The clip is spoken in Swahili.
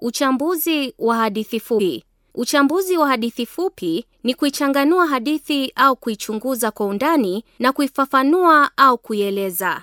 Uchambuzi wa hadithi fupi. Uchambuzi wa hadithi fupi ni kuichanganua hadithi au kuichunguza kwa undani na kuifafanua au kuieleza.